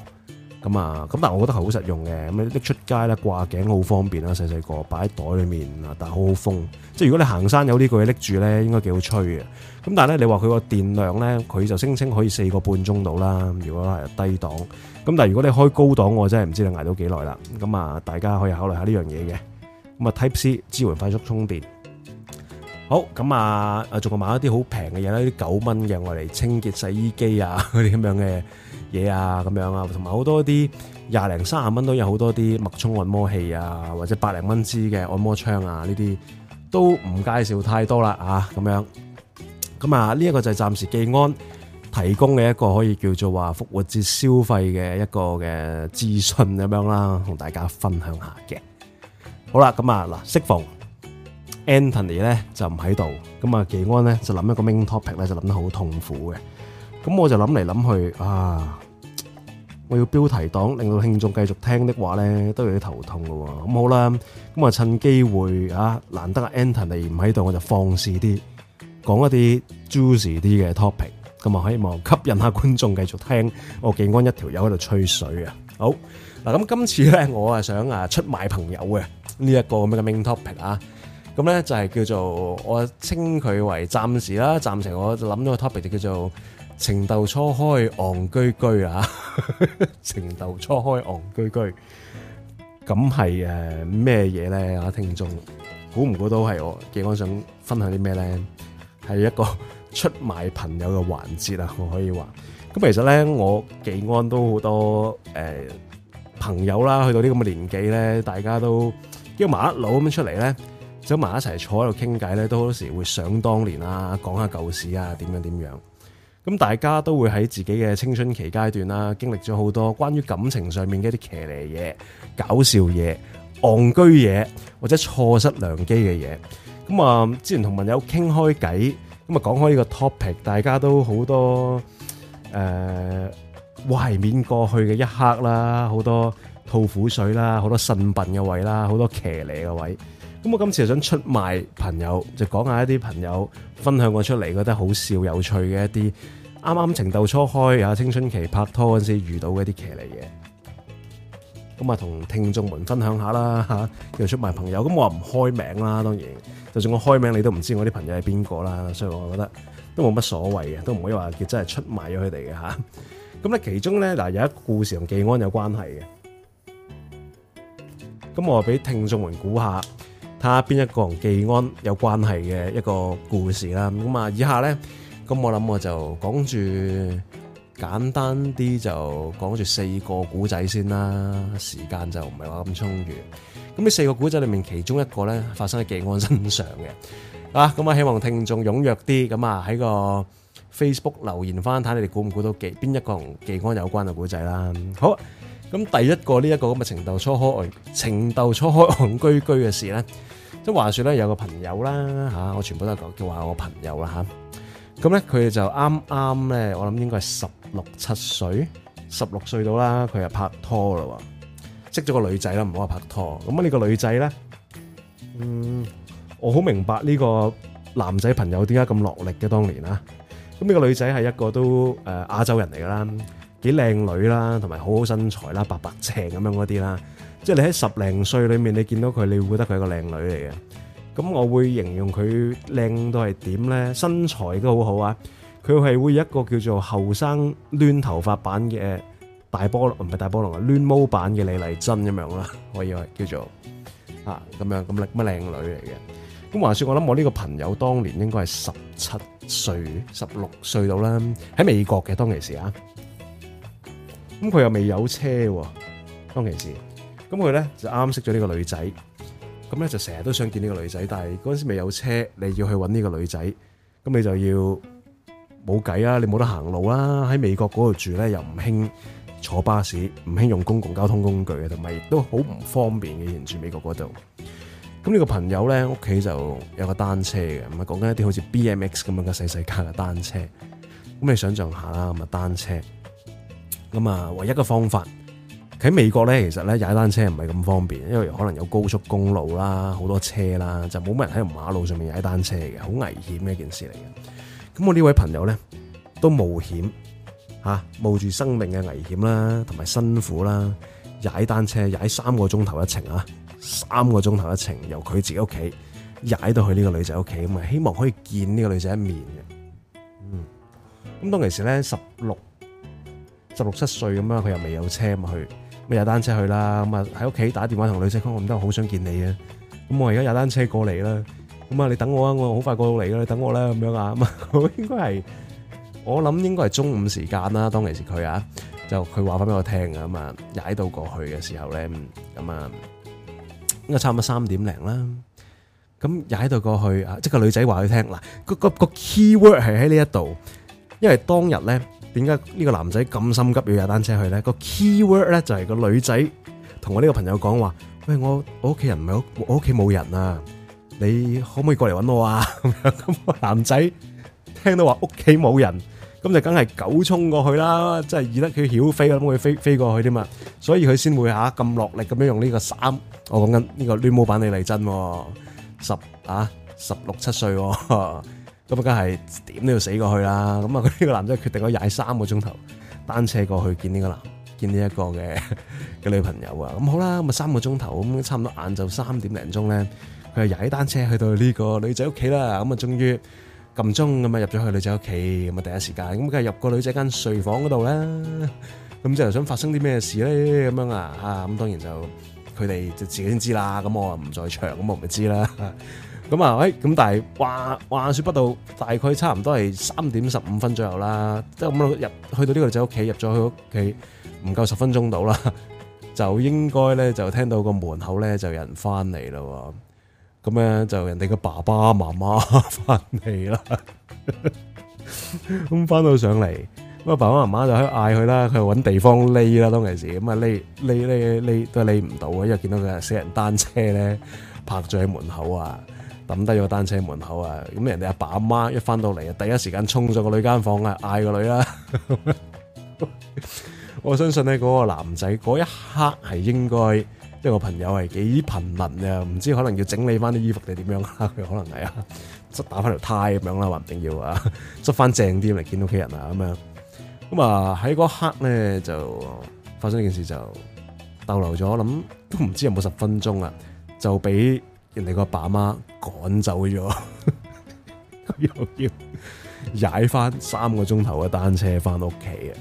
咁啊，咁但係我覺得係好實用嘅，咁你拎出街咧掛頸好方便啦，細細個擺喺袋裏面啊，但係好好風。即係如果你行山有呢個嘢拎住咧，應該幾好吹嘅。咁但係咧，你話佢個電量咧，佢就聲稱可以四個半鐘到啦。如果係低檔，咁但係如果你開高檔，我真係唔知你捱到幾耐啦。咁啊，大家可以考慮下呢樣嘢嘅。咁啊，Type C 支援快速充電。好，咁啊，仲係買一啲好平嘅嘢啦，啲九蚊嘅用嚟清潔洗衣機啊，嗰啲咁樣嘅。嘢啊，咁樣啊，同埋好多啲廿零三十蚊都有好多啲脈衝按摩器啊，或者百零蚊支嘅按摩槍啊，呢啲都唔介紹太多啦啊，咁樣咁啊，呢一個就暫時技安提供嘅一個可以叫做話復活節消費嘅一個嘅資訊咁樣啦，同大家分享下嘅。好啦，咁啊嗱，適逢 Anthony 咧就唔喺度，咁啊技安咧就諗一個 main topic 咧就諗得好痛苦嘅。咁我就諗嚟諗去啊，我要標題黨令到聽眾繼續聽的話咧，都有啲頭痛㗎喎。咁好啦，咁啊趁機會啊，難得 Anthony 唔喺度，我就放肆啲講一啲 juicy 啲嘅 topic，咁啊希望吸引下觀眾繼續聽我技安一條友喺度吹水啊。好嗱，咁今次咧，我啊想啊出賣朋友嘅呢一個咁嘅 main topic 啊，咁咧就係叫做我稱佢為暫時啦，暫時我諗咗個 topic 就叫做。情竇初開戇居居啊！情竇初開戇居居，咁係誒咩嘢咧？啊，聽眾估唔估到係我？技安想分享啲咩咧？係一個出賣朋友嘅環節啊！我可以話，咁其實咧，我技安都好多誒、呃、朋友啦，去到呢啲咁嘅年紀咧，大家都叫埋一佬咁樣出嚟咧，走埋一齊坐喺度傾偈咧，都好多時會想當年啊，講下舊事啊，點樣點樣。咁大家都會喺自己嘅青春期階段啦、啊，經歷咗好多關於感情上面嘅一啲騎呢嘢、搞笑嘢、戇居嘢或者錯失良機嘅嘢。咁啊，之前同朋友傾開偈，咁啊講開呢個 topic，大家都好多誒懷緬過去嘅一刻啦，好多吐苦水啦，好多呻笨嘅位啦，好多騎呢嘅位。咁我今次就想出賣朋友，就講下一啲朋友分享過出嚟覺得好笑有趣嘅一啲。啱啱情竇初開啊，青春期拍拖嗰陣時遇到嘅一啲劇嚟嘅，咁啊同聽眾們分享下啦吓、啊，又出埋朋友，咁我話唔開名啦，當然，就算我開名，你都唔知我啲朋友係邊個啦，所以我覺得都冇乜所謂嘅，都唔可以話叫真係出賣咗佢哋嘅吓。咁、啊、咧其中咧嗱，有一故事同技安有關係嘅，咁我俾聽眾們估下，睇下邊一個同技安有關係嘅一個故事啦。咁啊，以下咧。咁我諗我就講住簡單啲，就講住四個古仔先啦。時間就唔係話咁充裕。咁呢四個古仔裏面，其中一個咧發生喺技安身上嘅。啊，咁啊，希望聽眾踴躍啲。咁啊，喺個 Facebook 留言翻，睇你哋估唔估到技邊一個同技安有關嘅古仔啦。好，咁第一個呢一個咁嘅情竇初開，情竇初開戇居居嘅事咧，即係話說咧有個朋友啦吓，我全部都係講叫話我朋友啦吓。咁咧，佢就啱啱咧，我諗應該係十六七歲，十六歲到啦，佢又拍拖喎，識咗個女仔啦，唔好話拍拖。咁啊，呢個女仔咧，嗯，我好明白呢個男仔朋友點解咁落力嘅當年啦。咁呢個女仔係一個都誒亞洲人嚟噶啦，幾靚女啦，同埋好好身材啦，白白淨咁樣嗰啲啦。即係你喺十零歲裏面，你見到佢，你會覺得佢係個靚女嚟嘅。咁我會形容佢靚到係點咧？身材都好好啊！佢係會一個叫做後生攣頭髮版嘅大波，唔係大波浪啊，攣毛版嘅李麗珍咁樣啦，可以話叫做啊咁樣咁靚乜靚女嚟嘅。咁話說，我諗我呢個朋友當年應該係十七歲、十六歲到啦，喺美國嘅當其時啊。咁佢又未有車喎，當其時，咁佢咧就啱識咗呢個女仔。咁咧就成日都想見呢個女仔，但係嗰陣時未有車，你要去搵呢個女仔，咁你就要冇計啊！你冇得行路啦。喺美國嗰度住咧又唔興坐巴士，唔興用公共交通工具嘅，同埋亦都好唔方便嘅，沿住美國嗰度。咁呢個朋友咧屋企就有個單車嘅，咁啊講緊一啲好似 BMX 咁樣嘅細細架嘅單車。咁你想象下啦，咁啊單車，咁啊唯一嘅方法。喺美國咧，其實咧踩單車唔係咁方便，因為可能有高速公路啦，好多車啦，就冇乜人喺條馬路上面踩單車嘅，好危險嘅一件事嚟嘅。咁我呢位朋友咧都冒險吓冒住生命嘅危險啦，同埋辛苦啦，踩單車踩三個鐘頭一程啊，三個鐘頭一程由佢自己屋企踩到去呢個女仔屋企，咁啊希望可以見呢個女仔一面嘅。嗯，咁當其時咧，十六、十六七歲咁樣，佢又未有車去。咪踩單車去啦，咁啊喺屋企打電話同女仔講，我唔得，我好想見你嘅，咁我而家踩單車過嚟啦，咁啊你等我啊，我好快過到嚟啦，你等我啦咁樣啊，咁啊應該係，我諗應該係中午時間啦，當其時佢啊，就佢話翻俾我聽啊，咁啊踩到過去嘅時候咧，咁啊應該差唔多三點零啦，咁踩到過去啊，即係個女仔話佢聽嗱，個個個 keyword 係喺呢一度，因為當日咧。點解呢個男仔咁心急要踩單車去咧？個 keyword 咧就係個女仔同我呢個朋友講話：喂，我我屋企人唔係我我屋企冇人啊，你可唔可以過嚟搵我啊？咁樣咁個男仔聽到話屋企冇人，咁就梗係狗衝過去啦，即係以得佢曉飛，咁佢飛飛過去添嘛，所以佢先會吓咁落力咁樣用呢個衫。我講緊呢個嫩舞版你嚟真，十啊十六七歲，啊。咁梗係點都要死過去啦！咁啊，呢個男仔決定咗踩三個鐘頭單車過去見呢個男，見呢一個嘅嘅女朋友啊！咁好啦，咁啊三個鐘頭，咁差唔多晏晝三點零鐘咧，佢係踩單車去到呢個女仔屋企啦。咁啊，終於撳鐘咁啊入咗去女仔屋企，咁啊第一時間咁梗係入個女仔間睡房嗰度啦。咁之後想發生啲咩事咧？咁樣啊，嚇！咁當然就佢哋就自己先知啦。咁我唔在場，咁我唔知啦。咁、嗯、啊，喂！咁但係話話說不到，大概差唔多係三點十五分左右啦。即係咁到入去到呢個仔屋企，入咗佢屋企唔夠十分鐘到啦，就應該咧就聽到個門口咧就有人翻嚟啦。咁呢，就人哋個、嗯、爸爸媽媽翻嚟啦。咁翻、嗯、到上嚟，咁啊爸爸媽媽就去嗌佢啦，佢揾地方匿啦，當其時咁啊匿匿匿匿都匿唔到啊，因為見到佢啊四人單車咧泊咗喺門口啊。抌低咗個單車門口啊！咁人哋阿爸阿媽一翻到嚟啊，第一時間衝咗個女間房啊，嗌個女啦。 我相信咧，嗰個男仔嗰一刻係應該，即係我朋友係幾頻密啊，唔知可能要整理翻啲衣服定點樣啊？佢可能係啊，執打翻條呔咁樣啦，話唔定要啊，執翻正啲嚟見屋企人啊，咁樣。咁啊喺嗰刻咧就發生呢件事就逗留咗，諗都唔知有冇十分鐘啊，就俾。人哋個爸媽趕走咗， 又要踩翻三個鐘頭嘅單車翻屋企嘅。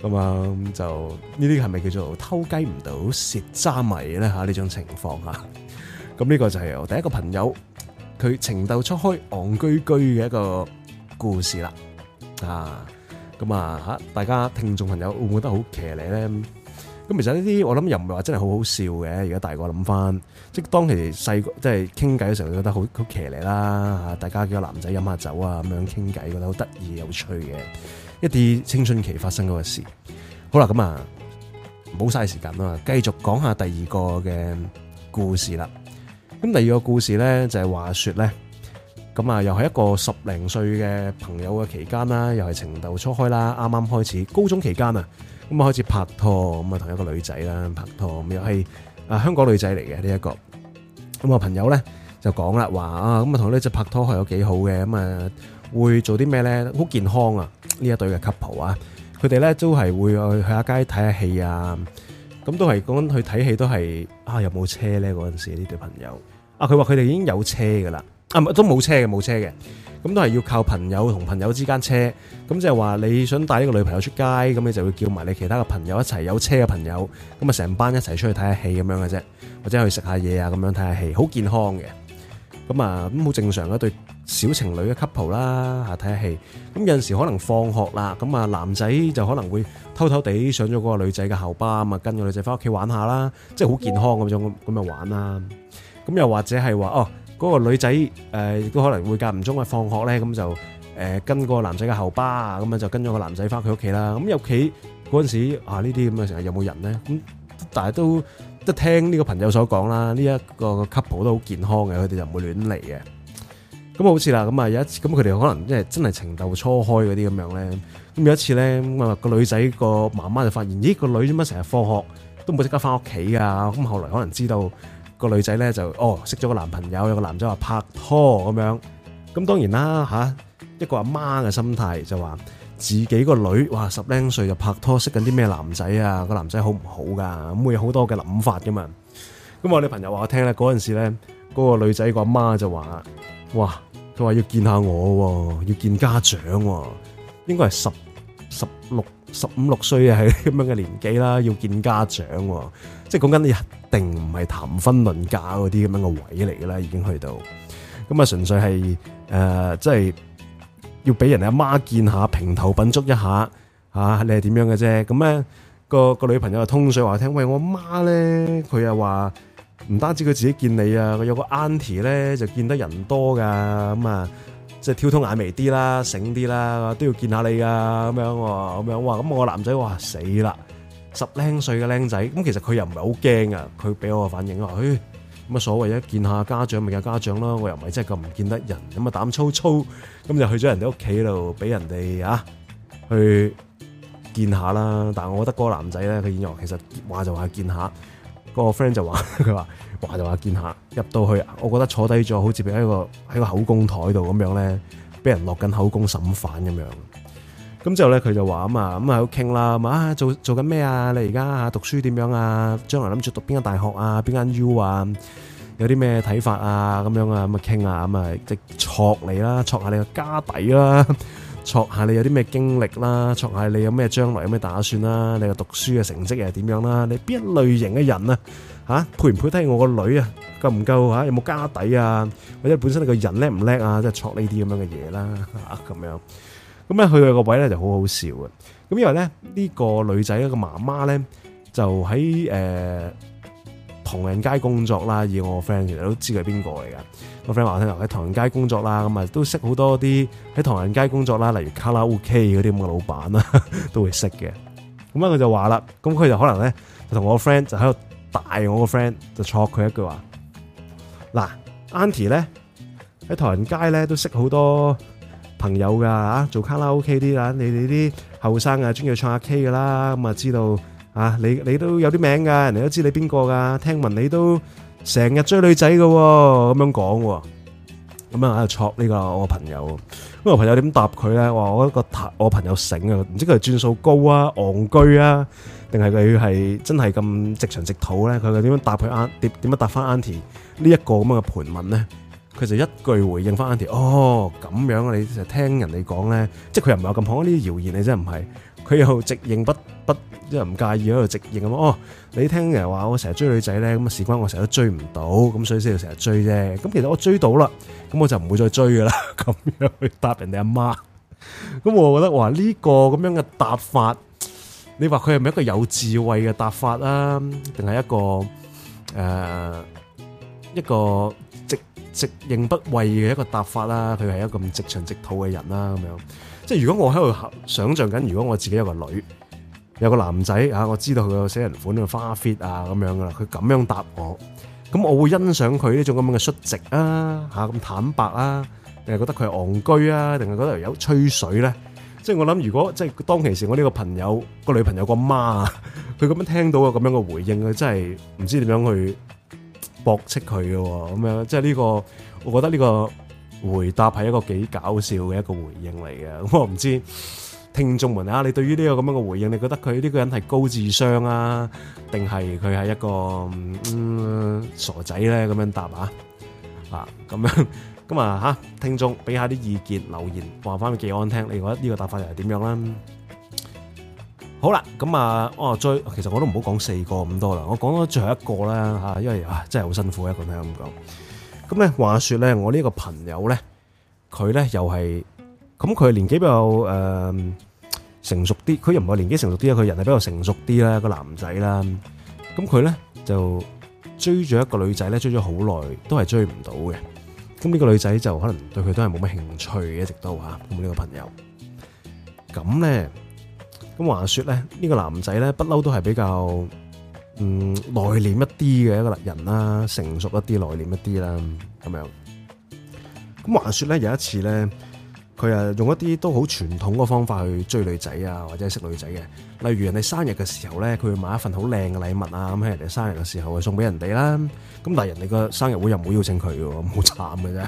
咁啊就呢啲係咪叫做偷雞唔到蝕渣米咧吓？呢、啊、種情況吓，咁、啊、呢個就係我第一個朋友佢情竇初開戇居居嘅一個故事啦、啊，啊，咁啊吓，大家聽眾朋友會唔會覺得好騎呢咧？咁其實呢啲我諗又唔係話真係好好笑嘅，而家大個諗翻，即係當其時細個即係傾偈嘅時候，時候覺得好好騎呢啦嚇，大家幾個男仔飲下酒啊咁樣傾偈，覺得好得意有趣嘅，一啲青春期發生嗰個事。好啦，咁啊，唔好嘥時間啊嘛，繼續講下第二個嘅故事啦。咁第二個故事咧就係、是、話說咧。咁啊，又係一個十零歲嘅朋友嘅期間啦，又係情竇初開啦，啱啱開始高中期間啊，咁啊開始拍拖，咁啊同一個女仔啦拍拖，咁又係啊香港女仔嚟嘅呢一個。咁啊朋友咧就講啦，話啊咁啊同呢隻拍拖係有幾好嘅，咁啊會做啲咩咧？好健康啊！呢一對嘅 couple 啊，佢哋咧都係會去下街睇下戲啊，咁都係講去睇戲都係啊有冇車咧，嗰陣時呢對朋友啊，佢話佢哋已經有車噶啦。啊，都冇車嘅，冇車嘅，咁都係要靠朋友同朋友之間車，咁即係話你想帶呢個女朋友出街，咁你就會叫埋你其他嘅朋友一齊有車嘅朋友，咁啊成班一齊出去睇下戲咁樣嘅啫，或者去食下嘢啊咁樣睇下戲，好健康嘅，咁啊咁好正常一對小情侶嘅 couple 啦，睇下戲，咁有陣時可能放學啦，咁啊男仔就可能會偷偷地上咗嗰個女仔嘅校巴啊跟個女仔翻屋企玩下啦，即係好健康咁樣咁玩啦，咁又或者係話哦。嗰、那個女仔亦都可能會間唔中啊放學咧咁、嗯、就誒、呃、跟，男的後、嗯、就跟個男仔嘅校巴啊咁啊就跟咗個男仔翻佢屋企啦，咁入屋企嗰陣時啊，啊有有呢啲咁啊成日有冇人咧咁？但係都即係聽呢個朋友所講啦，呢、這、一個 couple 都好健康嘅，佢哋就唔會亂嚟嘅。咁、嗯、好似啦，咁、嗯、啊有一次，咁佢哋可能即係真係情竇初開嗰啲咁樣咧。咁有一次咧，咁、嗯、啊、那個女仔、那個媽媽就發現，咦個女乜成日放學都冇即刻翻屋企噶？咁、嗯、後來可能知道。個女仔咧就哦識咗個男朋友，有個男仔話拍拖咁樣，咁當然啦吓、啊，一個阿媽嘅心態就話自己個女哇十零歲就拍拖，識緊啲咩男仔啊？個男仔好唔好噶？咁會有好多嘅諗法噶嘛？咁我女朋友話我聽咧，嗰陣時咧，嗰個女仔個阿媽就話，哇，佢話要見下我，要見家長，應該係十十六。十五六歲啊，喺咁樣嘅年紀啦，要見家長，即係講緊你一定唔係談婚論嫁嗰啲咁樣嘅位嚟嘅啦，已經去到，咁啊純粹係誒，即、呃、係、就係、要俾人阿媽見下，平頭品足一下，嚇、啊、你係點樣嘅啫？咁咧、嗰個、嗰個女朋友啊，通水話聽，喂，我媽咧，佢又話唔單止佢自己見你啊，佢有個 aunty 咧就見得人多㗎咁啊！即係挑通眼眉啲啦，醒啲啦，都要見下你啊咁樣喎，咁樣，樣，樣哇，咁我個男仔哇死啦，十零歲嘅僆仔，咁其實佢又唔係好驚啊，佢俾我嘅反應話，誒，咁、欸、啊所謂一見下家長咪有家長咯，我又唔係真係咁唔見得人，咁啊膽粗粗，咁就去咗人哋屋企度俾人哋啊去見下啦。但係我覺得嗰個男仔咧，佢演慾其實話就話見下，嗰個 friend 就話佢話。 他說話就話見下入到去，我覺得坐低咗好似俾喺個喺個口供台度咁樣咧，俾人落緊口供審犯咁樣。咁之後咧，佢就話吖嘛，咁啊，喺度傾啦，咁啊，做做緊咩啊？你而家啊讀書點樣啊？將來諗住讀邊間大學啊？邊間 U 啊？有啲咩睇法啊？咁樣啊咁啊傾啊咁啊，即係戳你啦，戳下你個家底啦，戳下你有啲咩經歷啦，戳下你有咩將來有咩打算啦，你個讀書嘅成績係點樣啦？你邊一類型嘅人啊？吓配唔配得我個女啊？陪陪女夠唔夠嚇、啊？有冇家底啊？或者本身你個人叻唔叻啊？即係撮呢啲咁樣嘅嘢啦咁、啊、樣。咁、啊、去到個位咧就好好笑嘅。咁、啊、因為咧呢、呢個女仔一個媽媽咧就喺誒唐人街工作啦。而我個 friend 其實都知佢係邊個嚟㗎。個 friend 話聽喺唐人街工作啦，咁啊都識好多啲喺唐人街工作啦，例如卡拉 O K 嗰啲咁嘅老闆啦， 都會識嘅。咁咧佢就話啦，咁佢就可能咧就同我個 friend 就喺度。大我個 friend 就戳佢一句話，嗱，aunty 咧喺唐人街咧都識好多朋友噶吓，做卡拉 OK 啲啦，你哋啲後生啊，中意唱下 K 噶啦，咁啊知道啊，你你都有啲名噶，人哋都知你邊個噶，聽聞你都成日追女仔噶，咁樣講，咁樣喺度戳呢個我個朋友，咁我朋友點答佢咧？話我一個我朋友醒啊，唔知佢係轉數高啊，戇居啊。定係佢係真係咁直腸直肚咧？佢點樣答佢阿，點點樣答翻 Auntie 呢一個咁樣嘅盤問咧？佢就一句回應翻 Auntie，哦咁樣啊！你成日聽人哋講咧，即係佢又唔係話咁狂啊！呢啲謠言你真係唔係？佢又直認不，不即係唔介意喺度直認咁啊！你聽人話我成日追女仔咧，咁啊事關我成日都追唔到，咁所以先至成日追啫。咁其實我追到啦，咁我就唔會再追噶啦。咁樣去答人哋阿媽。咁我覺得話呢個咁樣嘅答法。你話佢係咪一個有智慧嘅答法啊？定係一個誒、呃、一個直直認不諱嘅一個答法啦、啊？佢係一個咁直腸直肚嘅人啦、啊，咁樣。即係如果我喺度想象緊，如果我自己有個女，有個男仔啊，我知道佢有死人款啊，花 fit 啊咁樣噶啦，佢咁樣答我，咁我會欣賞佢呢種咁樣嘅率直啊，吓咁坦白啊？定係覺得佢係戇居啊？定係覺得有吹水咧？即係我諗，如果即係當其時，我呢個朋友個女朋友個媽啊，佢咁樣聽到個咁樣個回應，佢真係唔知點樣去駁斥佢嘅咁樣。即係呢個，我覺得呢個回答係一個幾搞笑嘅一個回應嚟嘅。咁我唔知聽眾們啊，你對於呢個咁樣嘅回應，你覺得佢呢個人係高智商啊，定係佢係一個嗯傻仔咧？咁樣答啊啊咁樣。咁啊吓，聽眾俾下啲意見留言，話翻俾技安聽，你覺得呢個答法又係點樣啦？好啦，咁啊，我再，其實我都唔好講四個咁多啦，我講咗最後一個啦吓，因為啊真係好辛苦一個聽咁講。咁咧，話說咧，我呢個朋友咧，佢咧又係，咁佢年紀比較誒成熟啲，佢又唔係年紀成熟啲啊，佢人係比較成熟啲啦，個男仔啦。咁佢咧就追咗一個女仔咧，追咗好耐，都係追唔到嘅。咁呢個女仔就可能對佢都係冇乜興趣嘅，一直都吓。咁呢個朋友，咁咧，咁話說咧，呢個男仔咧不嬲都係比較，嗯，內斂一啲嘅一個人啦，成熟一啲，內斂一啲啦，咁樣。咁話說咧，有一次咧。佢啊用一啲都好傳統嘅方法去追女仔啊，或者係識女仔嘅。例如人哋生日嘅時候咧，佢會買一份好靚嘅禮物啊，咁喺人哋生日嘅時候啊，送俾人哋啦。咁但係人哋個生日會又唔會邀請佢喎，好慘嘅啫。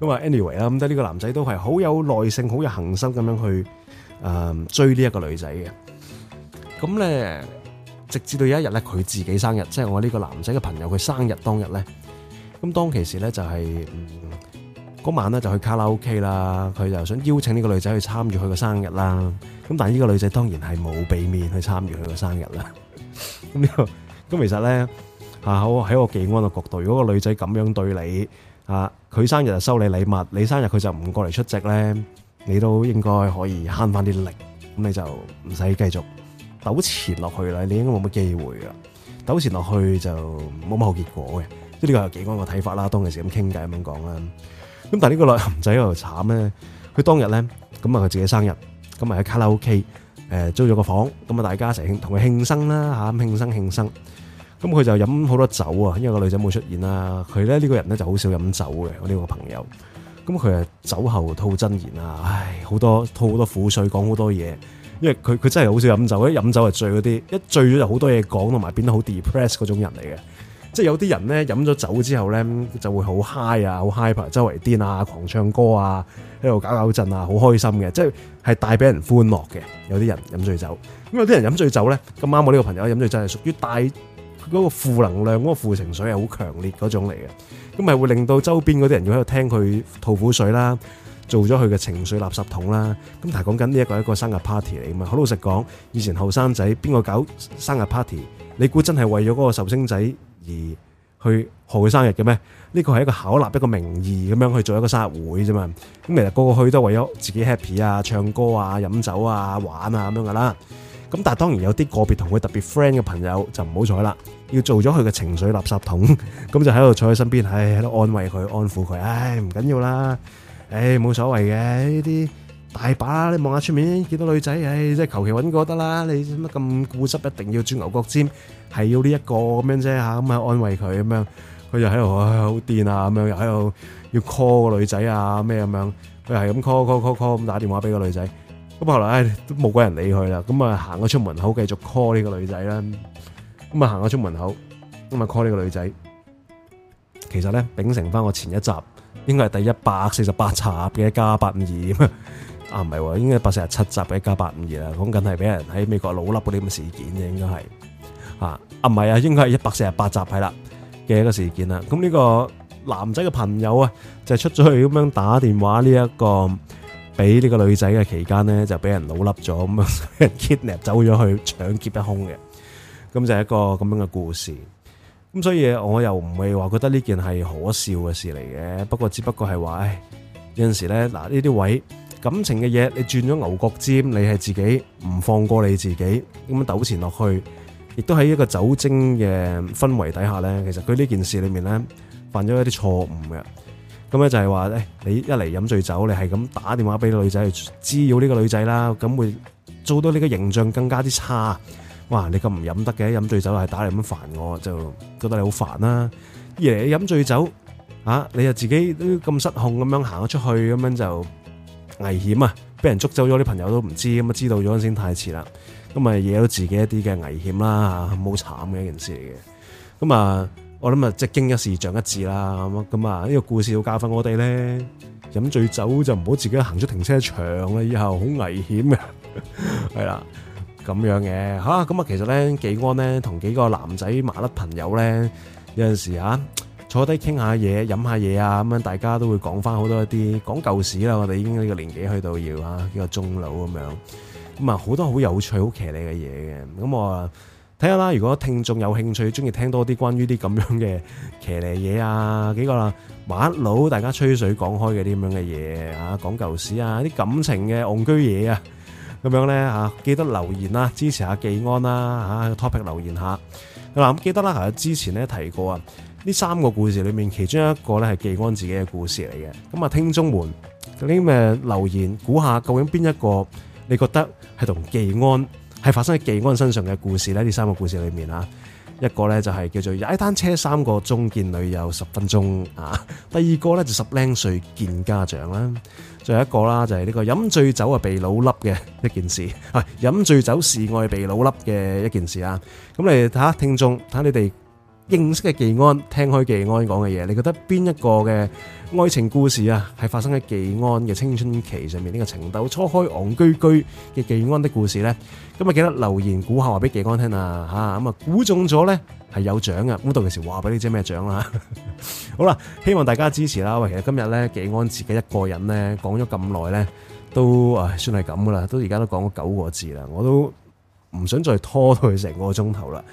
咁啊 anyway 啦，咁即呢個男仔都係好有耐性、好有恒心咁樣去誒追呢一個女仔嘅。咁咧直至到有一日咧，佢自己生日，即係我呢個男仔嘅朋友佢生日當日咧。咁當其時咧就係嗯。嗰晚咧就去卡拉 O.K. 啦，佢就想邀請呢個女仔去參與佢個生日啦。咁但係呢個女仔當然係冇畀面去參與佢個生日啦。咁又咁其實咧啊，好喺我技安嘅角度，如果個女仔咁樣對你啊，佢生日就收你禮物，你生日佢就唔過嚟出席咧，你都應該可以慳翻啲力，咁你就唔使繼續糾纏落去啦。你應該冇乜機會噶，糾纏落去就冇乜好結果嘅。即係呢個係技安個睇法啦。當其時咁傾偈咁樣講啦。咁但呢個男仔又慘咧，佢當日咧咁啊佢自己生日，咁咪喺卡拉 OK 誒租咗個房，咁啊大家一齊同佢慶生啦嚇，慶生慶生，咁佢就飲好多酒啊，因為個女仔冇出現啦。佢咧呢個人咧就好少飲酒嘅，我呢個朋友。咁佢啊酒後吐真言啊，唉，好多吐好多苦水，講好多嘢，因為佢佢真係好少飲酒，一飲酒就醉嗰啲，一醉咗就好多嘢講，同埋變得好 depress 嗰種人嚟嘅。即係有啲人咧飲咗酒之後咧就會好 high 啊，好 hyper，周圍癲啊，狂唱歌啊，喺度搞搞震啊，好開心嘅。即係係帶俾人歡樂嘅。有啲人飲醉酒，咁有啲人飲醉酒咧咁啱我呢個朋友飲醉酒係屬於帶嗰個負能量、嗰個負情緒係好強烈嗰種嚟嘅。咁咪會令到周邊嗰啲人要喺度聽佢吐苦水啦，做咗佢嘅情緒垃圾桶啦。咁但係講緊呢一個係一個生日 party 嚟㗎嘛。好老實講，以前後生仔邊個搞生日 party？你估真係為咗嗰個壽星仔？而去賀佢生日嘅咩？呢個係一個巧立一個名義咁樣去做一個生日會啫嘛。咁其實個個去都為咗自己 happy 啊，唱歌啊，飲酒啊，玩啊咁樣噶啦。咁但係當然有啲個別同佢特別 friend 嘅朋友就唔好彩啦，要做咗佢嘅情緒垃圾桶，咁就喺度坐喺身邊，唉喺度安慰佢，安撫佢，唉唔緊要啦，唉冇所謂嘅呢啲大把，你望下出面見到女仔，唉即係求其揾個得啦，你乜咁固執，一定要鑽牛角尖。係要呢一個咁樣啫吓，咁啊安慰佢咁、哎啊、樣，佢就喺度好癲啊咁樣，又喺度要 call 個女仔啊咩咁樣，佢係咁 call call call call 咁打電話俾個女仔，咁後來、哎、都冇鬼人理佢啦，咁啊行咗出門口繼續 call 呢個女仔啦，咁啊行咗出門口咁啊 call 呢個女仔，其實咧秉承翻我前一集，應該係第一百四十八集嘅一家八五二，啊唔係，應該係一百四十七集嘅一家八五二啦，咁梗係俾人喺美國老笠嗰啲咁嘅事件啫，應該係。啊，唔係啊，應該係一百四十八集係啦嘅一個事件啦。咁呢個男仔嘅朋友啊，就係、出咗去咁樣打電話呢、這、一個，俾呢個女仔嘅期間呢，就俾人老笠咗咁樣 kidnap 走咗去搶劫一空嘅。咁就一個咁樣嘅故事。咁所以我又唔係話覺得呢件係可笑嘅事嚟嘅。不過只不過係話有陣時咧，嗱，呢啲位感情嘅嘢，你轉咗牛角尖，你係自己唔放過你自己咁樣糾纏落去。亦都喺一個酒精嘅氛圍底下咧，其實佢呢件事裏面咧犯咗一啲錯誤嘅。咁咧就係話咧，你一嚟飲醉酒，你係咁打電話俾女仔去滋擾呢個女仔啦，咁會做到你嘅形象更加之差。哇！你咁唔飲得嘅，飲醉酒係打嚟咁煩，我就覺得你好煩啦。二嚟你飲醉酒啊，你又自己都咁失控咁樣行咗出去，咁樣就危險啊！俾人捉走咗，啲朋友都唔知，咁啊知道咗先太遲啦。咁咪惹到自己一啲嘅危險啦嚇，好慘嘅一件事嚟嘅。咁啊，我諗啊，即係經一事長一智啦。咁啊，呢個故事要教訓我哋咧，飲醉酒就唔好自己行出停車場啦，以後好危險呀。係 啦，咁樣嘅嚇。咁啊，其實咧，技安咧，同幾個男仔麻甩朋友咧，有陣時嚇。啊坐低傾下嘢，飲下嘢啊！咁樣大家都會講翻好多一啲講舊時啦。我哋已經呢個年紀去到要啊，幾個中佬咁樣，咁啊好多好有趣好騎呢嘅嘢嘅。咁我睇下啦，如果聽眾有興趣，中意聽多啲關於啲咁樣嘅騎呢嘢啊，幾個啦，馬佬大家吹水講開嘅啲咁樣嘅嘢啊，講舊時啊，啲感情嘅戇居嘢啊，咁樣咧嚇，記得留言啦，支持下技安啦嚇，topic 留言下嗱。咁記得啦，之前咧提過啊。呢三個故事裏面，其中一個咧係技安自己嘅故事嚟嘅。咁啊，聽眾們究竟咩留言，估下究竟邊一個你覺得係同技安係發生喺技安身上嘅故事咧？呢三個故事裏面啊，一個咧就係叫做踩單車三個鐘見女友十分鐘啊，第二個咧就十零歲見家長啦，再一個啦就係呢個飲醉酒啊被老笠嘅一件事，飲醉酒示愛被老笠嘅一件事啊。咁你睇下聽眾，睇下你哋。認識嘅技安，聽開技安講嘅嘢，你覺得邊一個嘅愛情故事啊，係發生喺技安嘅青春期上面呢個情竇初開戇居居嘅技安的故事咧？咁啊，記得留言估下，話俾技安聽啊！嚇咁啊，估中咗咧係有獎啊！咁到時話俾你知咩獎啦！好啦，希望大家支持啦！喂，其實今日咧，技安自己一個人咧講咗咁耐咧，都啊算係咁噶啦，都而家都講咗九個字啦，我都唔想再拖佢成個鐘頭啦。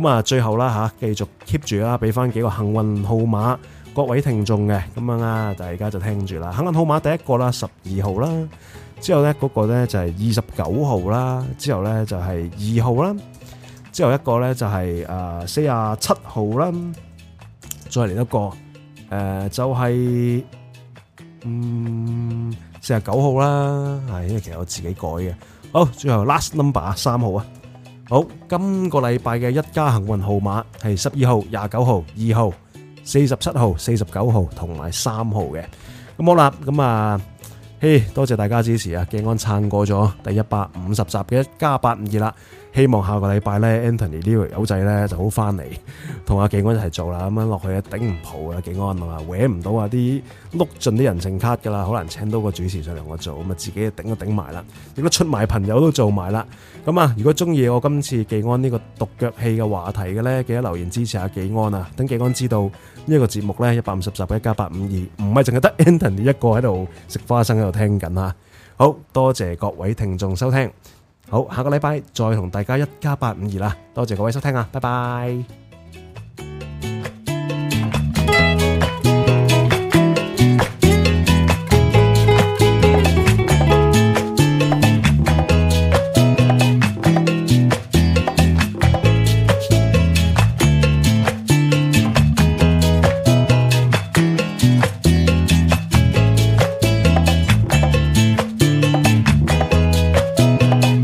咁啊，最後啦吓，繼續 keep 住啦，俾翻幾個幸運號碼，各位聽眾嘅咁樣啦，大家就聽住啦。幸運號碼第一個啦，十二號啦，之後咧嗰個咧就係二十九號啦，之後咧就係二號啦，之後一個咧就係誒四十七號啦，再嚟一個誒就係嗯四十九號啦，係因為其實我自己改嘅。好，最後 last number 三號啊。好，今個禮拜嘅一家行運號碼係十二號、廿九號、二號、四十七號、四十九號同埋三號嘅。咁好啦，咁啊，嘿，多謝大家支持啊！景安撐過咗第一百五十集嘅一家八五二啦，希望下個禮拜咧，Anthony 呢位友仔咧就好翻嚟同阿景安一齊做啦。咁樣落去啊，頂唔抱啊，景安啊，搵唔到啊啲碌盡啲人情卡噶啦，好難請到個主持上嚟我做，咁啊自己啊頂都頂埋啦。亦都出埋朋友都做埋啦？咁啊！如果中意我今次技安呢個獨腳戲嘅話題嘅呢，記得留言支持下技安啊！等技安知道呢個節目呢，一百五十集嘅一加八五二，唔係淨係得 Anthony 一個喺度食花生喺度聽緊啊。好多謝各位聽眾收聽，好下個禮拜再同大家一加八五二啦！多謝各位收聽啊，拜拜。